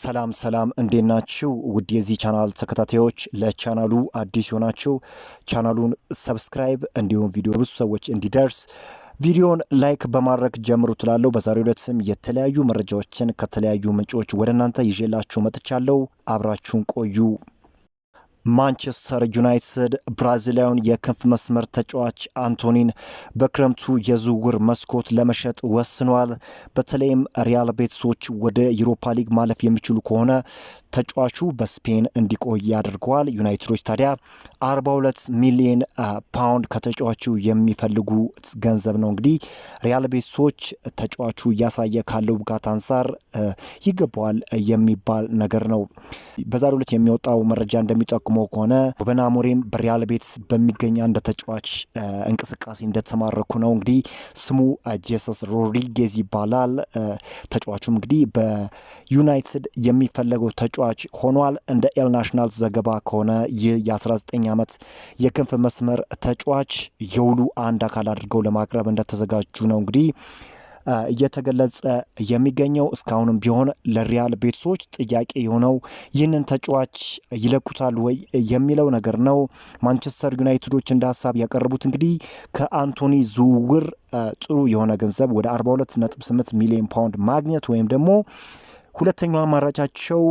ሰላም ሰላም እንዴት ናችሁ? ውድ የዚህ ቻናል ተከታታዮች፣ ለቻናሉ አዲስ የሆናችሁ ቻናሉን ሰብስክራይብ እንዲሁም ቪዲዮ ብዙ ሰዎች እንዲደርስ ቪዲዮን ላይክ በማድረግ ጀምሩ ትላለሁ። በዛሬው ዕለትም የተለያዩ መረጃዎችን ከተለያዩ ምንጮች ወደ እናንተ ይዤላችሁ መጥቻለሁ። አብራችሁን ቆዩ። ማንቸስተር ዩናይትድ ብራዚላዊውን የክንፍ መስመር ተጫዋች አንቶኒን በክረምቱ የዝውውር መስኮት ለመሸጥ ወስኗል። በተለይም ሪያል ቤቲሶች ወደ ዩሮፓ ሊግ ማለፍ የሚችሉ ከሆነ ተጫዋቹ በስፔን እንዲቆይ ያደርገዋል። ዩናይትዶች ታዲያ 42 ሚሊዮን ፓውንድ ከተጫዋቹ የሚፈልጉ ገንዘብ ነው። እንግዲህ ሪያል ቤቲሶች ተጫዋቹ እያሳየ ካለው ብቃት አንጻር ይገባዋል የሚባል ነገር ነው። በዛሬው ዕለት የሚወጣው መረጃ እንደሚጠቁ ተጠቅሞ ከሆነ ሩበን አሞሪም በሪያል ቤት በሚገኝ አንድ ተጫዋች እንቅስቃሴ እንደተማረኩ ነው። እንግዲህ ስሙ ጄሰስ ሮድሪጌዝ ይባላል። ተጫዋቹም እንግዲህ በዩናይትድ የሚፈለገው ተጫዋች ሆኗል። እንደ ኤል ናሽናል ዘገባ ከሆነ ይህ የ19 ዓመት የክንፍ መስመር ተጫዋች የውሉ አንድ አካል አድርገው ለማቅረብ እንደተዘጋጁ ነው እንግዲህ እየተገለጸ የሚገኘው። እስካሁንም ቢሆን ለሪያል ቤተሰቦች ጥያቄ የሆነው ይህንን ተጫዋች ይለኩታል ወይ የሚለው ነገር ነው። ማንቸስተር ዩናይትዶች እንደ ሀሳብ ያቀረቡት እንግዲህ ከአንቶኒ ዝውውር ጥሩ የሆነ ገንዘብ ወደ 42.8 ሚሊዮን ፓውንድ ማግኘት ወይም ደግሞ ሁለተኛው አማራጫቸው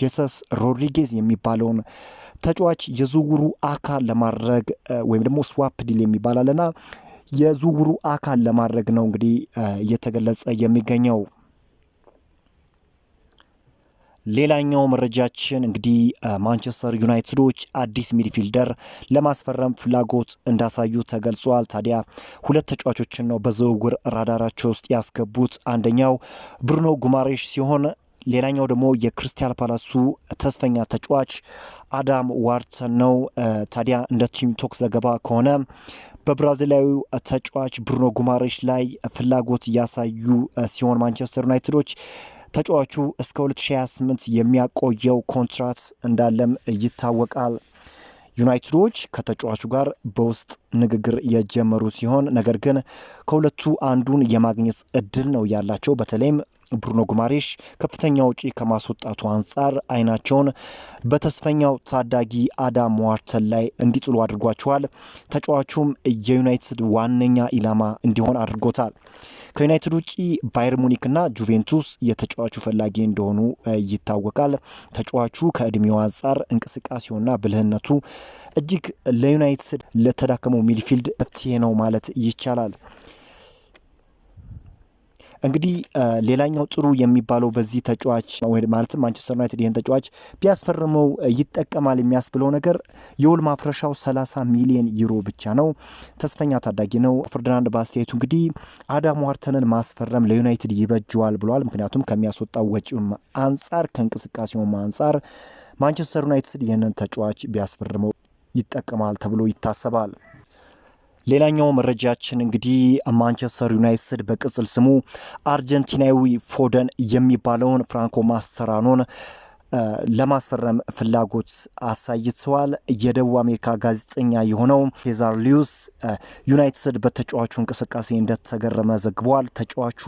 ጄሰስ ሮድሪጌዝ የሚባለውን ተጫዋች የዝውውሩ አካል ለማድረግ ወይም ደግሞ ስዋፕ ዲል የሚባል አለና የዝውውሩ አካል ለማድረግ ነው እንግዲህ እየተገለጸ የሚገኘው። ሌላኛው መረጃችን እንግዲህ ማንቸስተር ዩናይትዶች አዲስ ሚድፊልደር ለማስፈረም ፍላጎት እንዳሳዩ ተገልጿል። ታዲያ ሁለት ተጫዋቾችን ነው በዝውውር ራዳራቸው ውስጥ ያስገቡት። አንደኛው ብሩኖ ጉማሬሽ ሲሆን ሌላኛው ደግሞ የክሪስታል ፓላሱ ተስፈኛ ተጫዋች አዳም ዋርተን ነው። ታዲያ እንደ ቲምቶክ ዘገባ ከሆነ በብራዚላዊው ተጫዋች ብሩኖ ጉማሬሽ ላይ ፍላጎት ያሳዩ ሲሆን ማንቸስተር ዩናይትዶች ተጫዋቹ እስከ 2028 የሚያቆየው ኮንትራት እንዳለም ይታወቃል። ዩናይትዶች ከተጫዋቹ ጋር በውስጥ ንግግር የጀመሩ ሲሆን ነገር ግን ከሁለቱ አንዱን የማግኘት እድል ነው ያላቸው። በተለይም ብሩኖ ጉማሬሽ ከፍተኛ ውጪ ከማስወጣቱ አንጻር አይናቸውን በተስፈኛው ታዳጊ አዳም ዋርተን ላይ እንዲጥሉ አድርጓቸዋል። ተጫዋቹም የዩናይትድ ዋነኛ ኢላማ እንዲሆን አድርጎታል። ከዩናይትድ ውጪ ባየር ሙኒክና ጁቬንቱስ የተጫዋቹ ፈላጊ እንደሆኑ ይታወቃል። ተጫዋቹ ከእድሜው አንጻር እንቅስቃሴውና ብልህነቱ እጅግ ለዩናይትድ ለተዳከመው ሚድፊልድ መፍትሄ ነው ማለት ይቻላል። እንግዲህ ሌላኛው ጥሩ የሚባለው በዚህ ተጫዋች ማለትም ማንቸስተር ዩናይትድ ይህን ተጫዋች ቢያስፈርመው ይጠቀማል የሚያስብለው ነገር የውል ማፍረሻው 30 ሚሊዮን ዩሮ ብቻ ነው። ተስፈኛ ታዳጊ ነው። ፍርድናንድ በአስተያየቱ እንግዲህ አዳም ዋርተንን ማስፈረም ለዩናይትድ ይበጀዋል ብሏል ምክንያቱም ከሚያስወጣው ወጪውም አንጻር ከእንቅስቃሴውም አንጻር ማንቸስተር ዩናይትድ ይህንን ተጫዋች ቢያስፈርመው ይጠቀማል ተብሎ ይታሰባል። ሌላኛው መረጃችን እንግዲህ ማንቸስተር ዩናይትድ በቅጽል ስሙ አርጀንቲናዊ ፎደን የሚባለውን ፍራንኮ ማስተራኖን ለማስፈረም ፍላጎት አሳይተዋል። የደቡብ አሜሪካ ጋዜጠኛ የሆነው ሴዛር ሊዩስ ዩናይትድ በተጫዋቹ እንቅስቃሴ እንደተገረመ ዘግቧል። ተጫዋቹ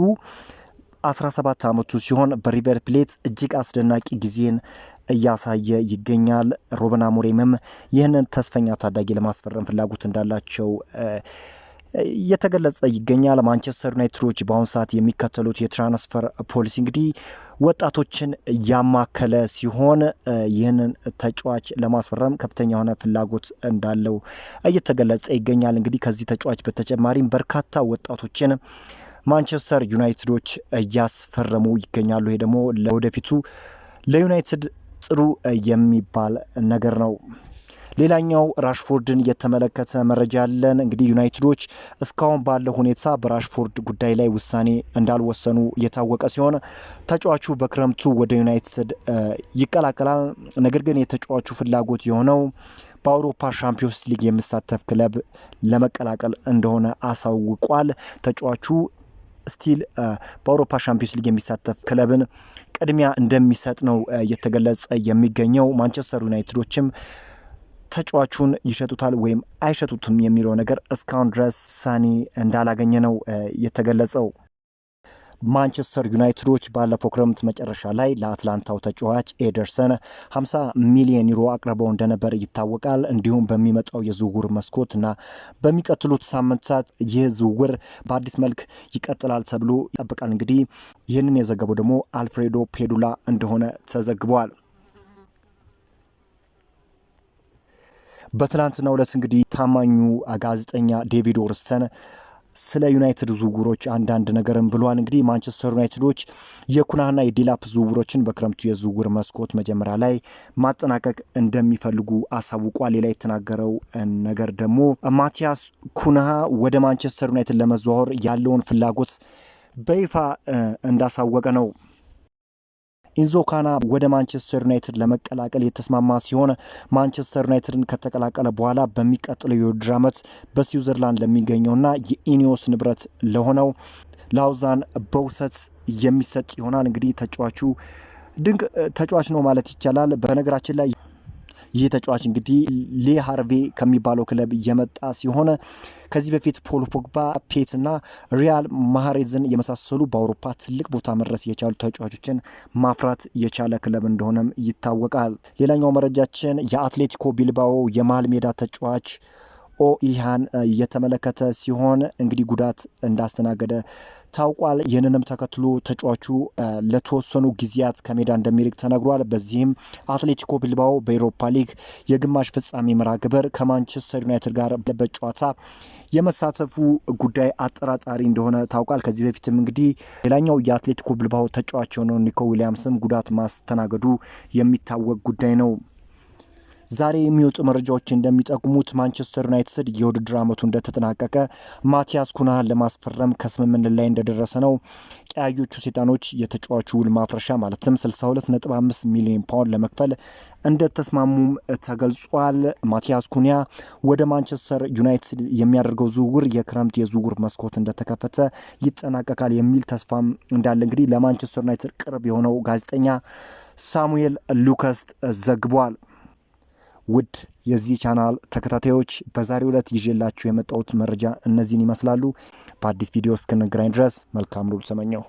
17 ዓመቱ ሲሆን በሪቨር ፕሌት እጅግ አስደናቂ ጊዜን እያሳየ ይገኛል። ሩበን አሞሪምም ይህንን ተስፈኛ ታዳጊ ለማስፈረም ፍላጎት እንዳላቸው እየተገለጸ ይገኛል። ማንቸስተር ዩናይትዶች በአሁኑ ሰዓት የሚከተሉት የትራንስፈር ፖሊሲ እንግዲህ ወጣቶችን ያማከለ ሲሆን ይህንን ተጫዋች ለማስፈረም ከፍተኛ የሆነ ፍላጎት እንዳለው እየተገለጸ ይገኛል። እንግዲህ ከዚህ ተጫዋች በተጨማሪም በርካታ ወጣቶችን ማንቸስተር ዩናይትዶች እያስፈረሙ ይገኛሉ። ይሄ ደግሞ ለወደፊቱ ለዩናይትድ ጥሩ የሚባል ነገር ነው። ሌላኛው ራሽፎርድን የተመለከተ መረጃ ያለን እንግዲህ ዩናይትዶች እስካሁን ባለው ሁኔታ በራሽፎርድ ጉዳይ ላይ ውሳኔ እንዳልወሰኑ እየታወቀ ሲሆን ተጫዋቹ በክረምቱ ወደ ዩናይትድ ይቀላቀላል። ነገር ግን የተጫዋቹ ፍላጎት የሆነው በአውሮፓ ሻምፒዮንስ ሊግ የሚሳተፍ ክለብ ለመቀላቀል እንደሆነ አሳውቋል። ተጫዋቹ ስቲል በአውሮፓ ሻምፒዮንስ ሊግ የሚሳተፍ ክለብን ቅድሚያ እንደሚሰጥ ነው እየተገለጸ የሚገኘው። ማንቸስተር ዩናይትዶችም ተጫዋቹን ይሸጡታል ወይም አይሸጡትም የሚለው ነገር እስካሁን ድረስ ውሳኔ እንዳላገኘ ነው የተገለጸው። ማንቸስተር ዩናይትዶች ባለፈው ክረምት መጨረሻ ላይ ለአትላንታው ተጫዋች ኤደርሰን 50 ሚሊዮን ዩሮ አቅርበው እንደነበር ይታወቃል። እንዲሁም በሚመጣው የዝውውር መስኮት እና በሚቀጥሉት ሳምንታት ይህ ዝውውር በአዲስ መልክ ይቀጥላል ተብሎ ይጠብቃል። እንግዲህ ይህንን የዘገበው ደግሞ አልፍሬዶ ፔዱላ እንደሆነ ተዘግቧል። በትናንትናው ዕለት እንግዲህ ታማኙ ጋዜጠኛ ዴቪድ ኦርስተን ስለ ዩናይትድ ዝውውሮች አንዳንድ ነገርም ብሏል። እንግዲህ ማንቸስተር ዩናይትዶች የኩናና የዲላፕ ዝውውሮችን በክረምቱ የዝውውር መስኮት መጀመሪያ ላይ ማጠናቀቅ እንደሚፈልጉ አሳውቋል። ሌላ የተናገረው ነገር ደግሞ ማቲያስ ኩናሃ ወደ ማንቸስተር ዩናይትድ ለመዘዋወር ያለውን ፍላጎት በይፋ እንዳሳወቀ ነው ኢንዞ ካና ወደ ማንቸስተር ዩናይትድ ለመቀላቀል የተስማማ ሲሆን ማንቸስተር ዩናይትድን ከተቀላቀለ በኋላ በሚቀጥለው የውድድር ዓመት በስዊዘርላንድ ለሚገኘውና የኢኒዮስ ንብረት ለሆነው ላውዛን በውሰት የሚሰጥ ይሆናል። እንግዲህ ተጫዋቹ ድንቅ ተጫዋች ነው ማለት ይቻላል። በነገራችን ላይ ይህ ተጫዋች እንግዲህ ሌ ሃርቬ ከሚባለው ክለብ የመጣ ሲሆን ከዚህ በፊት ፖል ፖግባ፣ ፔት እና ሪያል ማህሬዝን የመሳሰሉ በአውሮፓ ትልቅ ቦታ መድረስ የቻሉ ተጫዋቾችን ማፍራት የቻለ ክለብ እንደሆነም ይታወቃል። ሌላኛው መረጃችን የአትሌቲኮ ቢልባኦ የመሃል ሜዳ ተጫዋች ኦኢሃን እየተመለከተ ሲሆን እንግዲህ ጉዳት እንዳስተናገደ ታውቋል። ይህንንም ተከትሎ ተጫዋቹ ለተወሰኑ ጊዜያት ከሜዳ እንደሚርቅ ተነግሯል። በዚህም አትሌቲኮ ቢልባኦ በኤሮፓ ሊግ የግማሽ ፍጻሜ መርሃ ግብር ከማንቸስተር ዩናይትድ ጋር ባለበት ጨዋታ የመሳተፉ ጉዳይ አጠራጣሪ እንደሆነ ታውቋል። ከዚህ በፊትም እንግዲህ ሌላኛው የአትሌቲኮ ቢልባኦ ተጫዋች የሆነው ኒኮ ዊሊያምስም ጉዳት ማስተናገዱ የሚታወቅ ጉዳይ ነው። ዛሬ የሚወጡ መረጃዎች እንደሚጠቁሙት ማንቸስተር ዩናይትድ የውድድር ዓመቱ እንደተጠናቀቀ ማቲያስ ኩናሃን ለማስፈረም ከስምምነት ላይ እንደደረሰ ነው። ቀያዮቹ ሴጣኖች የተጫዋቹ ውል ማፍረሻ ማለትም 62.5 ሚሊዮን ፓውንድ ለመክፈል እንደተስማሙም ተገልጿል። ማቲያስ ኩኒያ ወደ ማንቸስተር ዩናይትድ የሚያደርገው ዝውውር የክረምት የዝውውር መስኮት እንደተከፈተ ይጠናቀቃል የሚል ተስፋም እንዳለ እንግዲህ ለማንቸስተር ዩናይትድ ቅርብ የሆነው ጋዜጠኛ ሳሙኤል ሉከስት ዘግቧል። ውድ የዚህ ቻናል ተከታታዮች በዛሬው ዕለት ይዤላችሁ የመጣሁት መረጃ እነዚህን ይመስላሉ። በአዲስ ቪዲዮ እስክንገናኝ ድረስ መልካም ሩብ ሰመኘው።